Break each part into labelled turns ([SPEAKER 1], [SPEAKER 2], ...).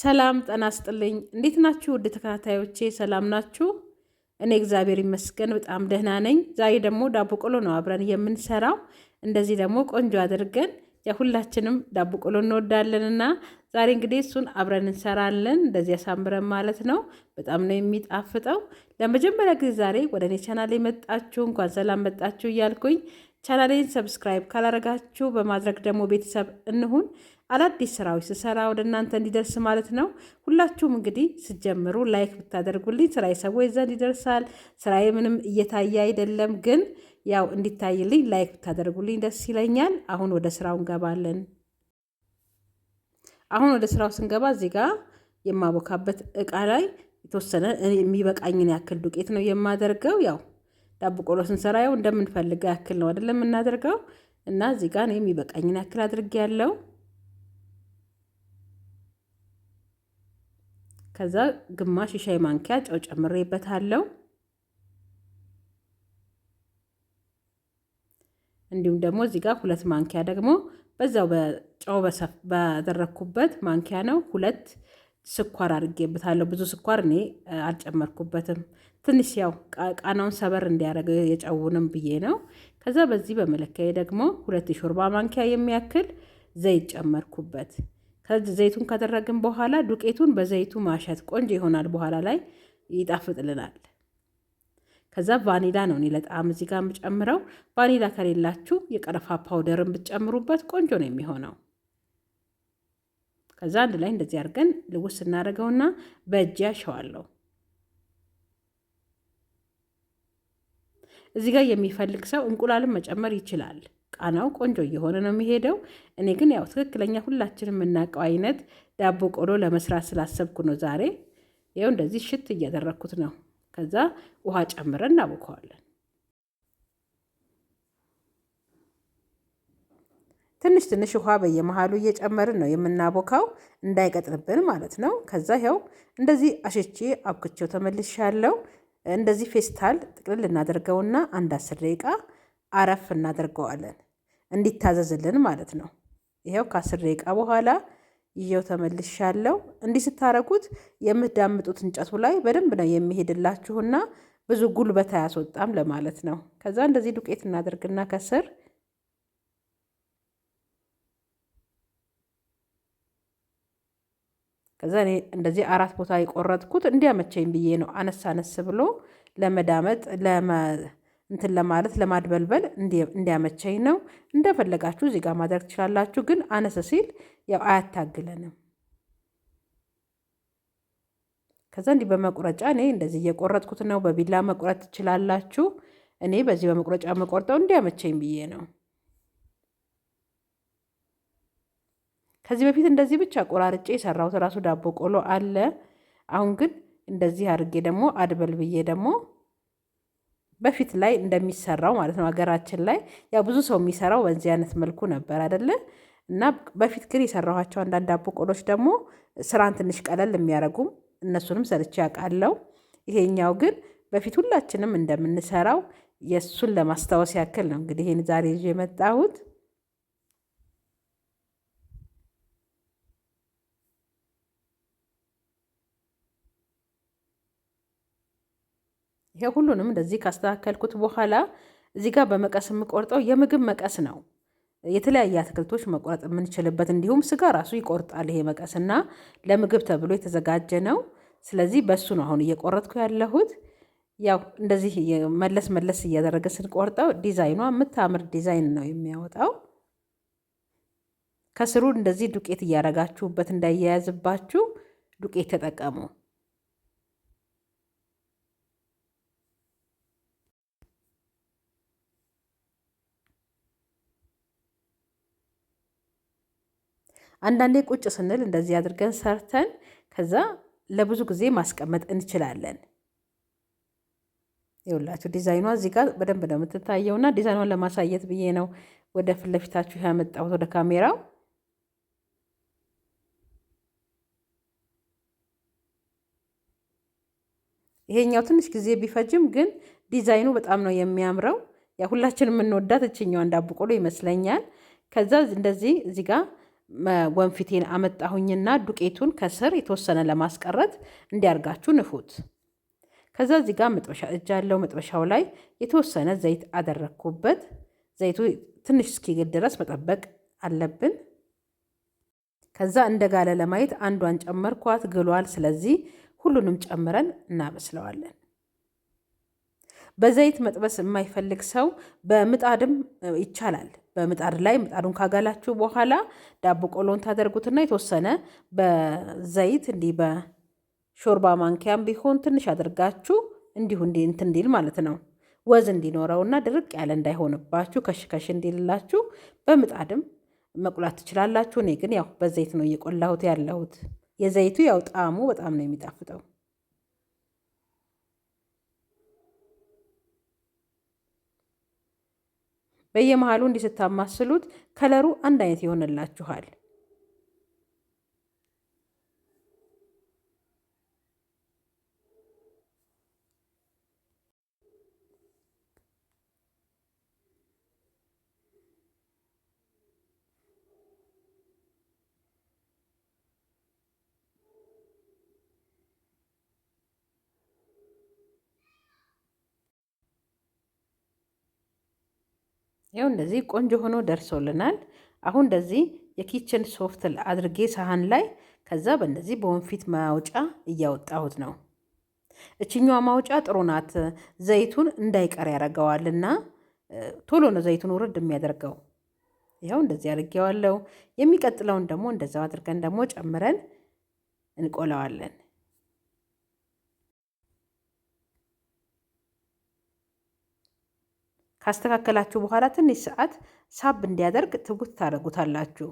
[SPEAKER 1] ሰላም ጠና ስጥልኝ። እንዴት ናችሁ ውድ ተከታታዮቼ? ሰላም ናችሁ? እኔ እግዚአብሔር ይመስገን በጣም ደህና ነኝ። ዛሬ ደግሞ ዳቦ ቆሎ ነው አብረን የምንሰራው። እንደዚህ ደግሞ ቆንጆ አድርገን የሁላችንም ዳቦ ቆሎ እና ዛሬ እንግዲህ እሱን አብረን እንሰራለን፣ እንደዚህ ያሳምረን ማለት ነው። በጣም ነው የሚጣፍጠው። ለመጀመሪያ ጊዜ ዛሬ ወደ እኔ ቻናል የመጣችሁ እንኳን ሰላም መጣችሁ እያልኩኝ ቻናሌን ሰብስክራይብ ካላረጋችሁ በማድረግ ደግሞ ቤተሰብ እንሁን። አዳዲስ ስራዎች ስሰራ ወደ እናንተ እንዲደርስ ማለት ነው። ሁላችሁም እንግዲህ ስጀምሩ ላይክ ብታደርጉልኝ ስራዬ ሰዎች ዘንድ ይደርሳል። ስራዬ ምንም እየታየ አይደለም፣ ግን ያው እንዲታይልኝ ላይክ ብታደርጉልኝ ደስ ይለኛል። አሁን ወደ ስራው እንገባለን። አሁን ወደ ስራው ስንገባ እዚህ ጋር የማቦካበት እቃ ላይ የተወሰነ የሚበቃኝን ያክል ዱቄት ነው የማደርገው። ያው ዳቦ ቆሎ ስንሰራ ያው እንደምንፈልገው ያክል ነው አይደለም የምናደርገው እና እዚህ ጋር የሚበቃኝን ያክል አድርጌ ያለው ከዛ ግማሽ የሻይ ማንኪያ ጨው ጨምሬበታለሁ። እንዲሁም ደግሞ እዚህ ጋር ሁለት ማንኪያ ደግሞ በዛው በጨው ባደረግኩበት ማንኪያ ነው ሁለት ስኳር አድርጌበታለሁ። ብዙ ስኳር እኔ አልጨመርኩበትም። ትንሽ ያው ቃናውን ሰበር እንዲያደርገው የጨውንም ብዬ ነው። ከዛ በዚህ በመለኪያ ደግሞ ሁለት የሾርባ ማንኪያ የሚያክል ዘይት ጨመርኩበት። ዘይቱን ካደረግን በኋላ ዱቄቱን በዘይቱ ማሸት ቆንጆ ይሆናል። በኋላ ላይ ይጣፍጥልናል። ከዛ ቫኒላ ነው እኔ ለጣዕም እዚህ ጋር የምጨምረው። ቫኒላ ከሌላችሁ የቀረፋ ፓውደርን ብትጨምሩበት ቆንጆ ነው የሚሆነው። ከዛ አንድ ላይ እንደዚህ አድርገን ልውስ እናደርገውና በእጅ ያሸዋለሁ። እዚህ ጋር የሚፈልግ ሰው እንቁላልን መጨመር ይችላል። ቃናው ቆንጆ እየሆነ ነው የሚሄደው። እኔ ግን ያው ትክክለኛ ሁላችንም የምናውቀው አይነት ዳቦ ቆሎ ለመስራት ስላሰብኩ ነው ዛሬ። ይኸው እንደዚህ ሽት እያደረግኩት ነው። ከዛ ውሃ ጨምረን እናቦከዋለን። ትንሽ ትንሽ ውሃ በየመሃሉ እየጨመርን ነው የምናቦካው እንዳይቀጥርብን ማለት ነው። ከዛ ይኸው እንደዚህ አሸቼ አብክቼው ተመልሻለሁ። እንደዚህ ፌስታል ጥቅልል እናደርገውና አንድ አስር ደቂቃ አረፍ እናደርገዋለን እንዲታዘዝልን ማለት ነው። ይኸው ከአስር ደቂቃ በኋላ ይዤው ተመልሻለሁ። እንዲህ ስታረጉት የምትዳምጡት እንጨቱ ላይ በደንብ ነው የሚሄድላችሁና ብዙ ጉልበት አያስወጣም ለማለት ነው። ከዛ እንደዚህ ዱቄት እናደርግና ከስር ከዛ እኔ እንደዚህ አራት ቦታ የቆረጥኩት እንዲያመቸኝ ብዬ ነው። አነስ አነስ ብሎ ለመዳመጥ ለመ እንትን ለማለት ለማድበልበል እንዲያመቸኝ ነው። እንደፈለጋችሁ እዚህ ጋር ማድረግ ትችላላችሁ። ግን አነስ ሲል ያው አያታግለንም። ከዛ እንዲህ በመቁረጫ እኔ እንደዚህ እየቆረጥኩት ነው። በቢላ መቁረጥ ትችላላችሁ። እኔ በዚህ በመቁረጫ መቆርጠው እንዲያመቸኝ ብዬ ነው። ከዚህ በፊት እንደዚህ ብቻ ቆራርጬ የሰራሁት ራሱ ዳቦ ቆሎ አለ። አሁን ግን እንደዚህ አድርጌ ደግሞ አድበል ብዬ ደግሞ በፊት ላይ እንደሚሰራው ማለት ነው። ሀገራችን ላይ ያው ብዙ ሰው የሚሰራው በዚህ አይነት መልኩ ነበር አይደለ? እና በፊት ግን የሰራኋቸው አንዳንድ አቦቆሎች ቆሎች ደግሞ ስራን ትንሽ ቀለል የሚያደርጉም እነሱንም ሰርቼ ያውቃለው ይሄኛው ግን በፊት ሁላችንም እንደምንሰራው የእሱን ለማስታወስ ያክል ነው እንግዲህ ይህን ዛሬ ይዤ የመጣሁት። ይሄ ሁሉንም እንደዚህ ካስተካከልኩት በኋላ እዚህ ጋር በመቀስ የምቆርጠው የምግብ መቀስ ነው። የተለያየ አትክልቶች መቁረጥ የምንችልበት እንዲሁም ስጋ ራሱ ይቆርጣል ይሄ መቀስ እና ለምግብ ተብሎ የተዘጋጀ ነው። ስለዚህ በሱ ነው አሁን እየቆረጥኩ ያለሁት። ያው እንደዚህ መለስ መለስ እያደረገ ስንቆርጠው ዲዛይኗ የምታምር ዲዛይን ነው የሚያወጣው። ከስሩ እንደዚህ ዱቄት እያረጋችሁበት እንዳያያዝባችሁ ዱቄት ተጠቀሙ። አንዳንዴ ቁጭ ስንል እንደዚህ አድርገን ሰርተን ከዛ ለብዙ ጊዜ ማስቀመጥ እንችላለን። ይኸውላችሁ ዲዛይኗ እዚህ ጋር በደንብ ነው የምትታየውና ዲዛይኗን ለማሳየት ብዬ ነው ወደ ፊት ለፊታችሁ ያመጣሁት ወደ ካሜራው። ይሄኛው ትንሽ ጊዜ ቢፈጅም ግን ዲዛይኑ በጣም ነው የሚያምረው። ያ ሁላችን የምንወዳት እችኛዋን ዳቦ ይመስለኛል። ከዛ እንደዚህ እዚህ ጋር ወንፊቴን አመጣሁኝና ዱቄቱን ከስር የተወሰነ ለማስቀረት እንዲያርጋችሁ ንፉት። ከዛ እዚህ ጋር መጥበሻ እጅ ያለው መጥበሻው ላይ የተወሰነ ዘይት አደረግኩበት። ዘይቱ ትንሽ እስኪግል ድረስ መጠበቅ አለብን። ከዛ እንደ ጋለ ለማየት አንዷን ጨመርኳት፣ ግሏል። ስለዚህ ሁሉንም ጨምረን እናበስለዋለን። በዘይት መጥበስ የማይፈልግ ሰው በምጣድም ይቻላል። በምጣድ ላይ ምጣዱን ካጋላችሁ በኋላ ዳቦ ቆሎን ታደርጉትና የተወሰነ በዘይት እንዲህ በሾርባ ማንኪያም ቢሆን ትንሽ አድርጋችሁ እንዲሁ እንትን እንዲል ማለት ነው ወዝ እንዲኖረውና ድርቅ ያለ እንዳይሆንባችሁ ከሽከሽ እንዲልላችሁ በምጣድም መቁላት ትችላላችሁ። እኔ ግን ያው በዘይት ነው እየቆላሁት ያለሁት። የዘይቱ ያው ጣዕሙ በጣም ነው የሚጣፍጠው። በየመሃሉ እንዲህ ስታማስሉት ከለሩ አንድ አይነት ይሆንላችኋል። ይኸው እንደዚህ ቆንጆ ሆኖ ደርሶልናል። አሁን እንደዚህ የኪችን ሶፍት አድርጌ ሳህን ላይ ከዛ በእንደዚህ በወንፊት ማውጫ እያወጣሁት ነው። እችኛዋ ማውጫ ጥሩ ናት፣ ዘይቱን እንዳይቀር ያደርገዋልና ቶሎ ነው ዘይቱን ውርድ የሚያደርገው። ይኸው እንደዚህ አድርጌዋለሁ። የሚቀጥለውን ደግሞ እንደዛው አድርገን ደግሞ ጨምረን እንቆለዋለን። ካስተካከላችሁ በኋላ ትንሽ ሰዓት ሳብ እንዲያደርግ ትጉት ታደርጉታላችሁ።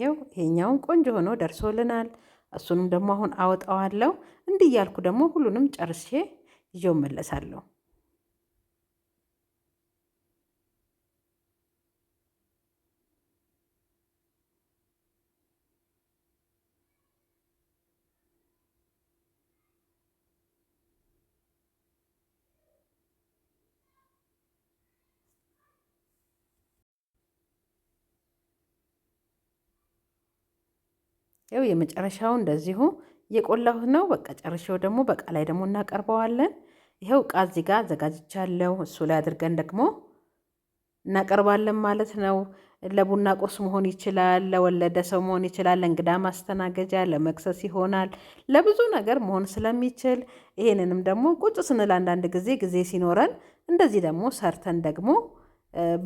[SPEAKER 1] ይኸው ይሄኛውን ቆንጆ ሆኖ ደርሶልናል። እሱንም ደግሞ አሁን አወጣዋለሁ። እንዲህ እያልኩ ደግሞ ሁሉንም ጨርሼ ይዤው መለሳለሁ። ያው የመጨረሻው እንደዚሁ እየቆላሁት ነው። በቃ ጨርሼው ደግሞ በቃ ላይ ደግሞ እናቀርበዋለን። ይኸው እቃ እዚህ ጋር አዘጋጅቻለሁ። እሱ ላይ አድርገን ደግሞ እናቀርባለን ማለት ነው። ለቡና ቁርስ መሆን ይችላል፣ ለወለደ ሰው መሆን ይችላል፣ ለእንግዳ ማስተናገጃ፣ ለመክሰስ ይሆናል፣ ለብዙ ነገር መሆን ስለሚችል ይሄንንም ደግሞ ቁጭ ስንል አንዳንድ ጊዜ ጊዜ ሲኖረን እንደዚህ ደግሞ ሰርተን ደግሞ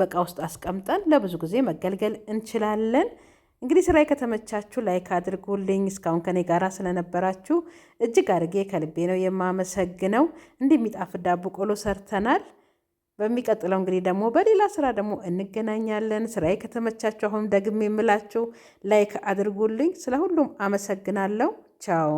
[SPEAKER 1] በቃ ውስጥ አስቀምጠን ለብዙ ጊዜ መገልገል እንችላለን። እንግዲህ ስራዬ ከተመቻችሁ ላይክ አድርጉልኝ። እስካሁን ከኔ ጋር ስለነበራችሁ እጅግ አድርጌ ከልቤ ነው የማመሰግነው። እንደሚጣፍጥ ዳቦ ቆሎ ሰርተናል። በሚቀጥለው እንግዲህ ደግሞ በሌላ ስራ ደግሞ እንገናኛለን። ስራዬ ከተመቻችሁ አሁንም ደግሜ የምላችሁ ላይክ አድርጉልኝ። ስለ ሁሉም አመሰግናለሁ። ቻው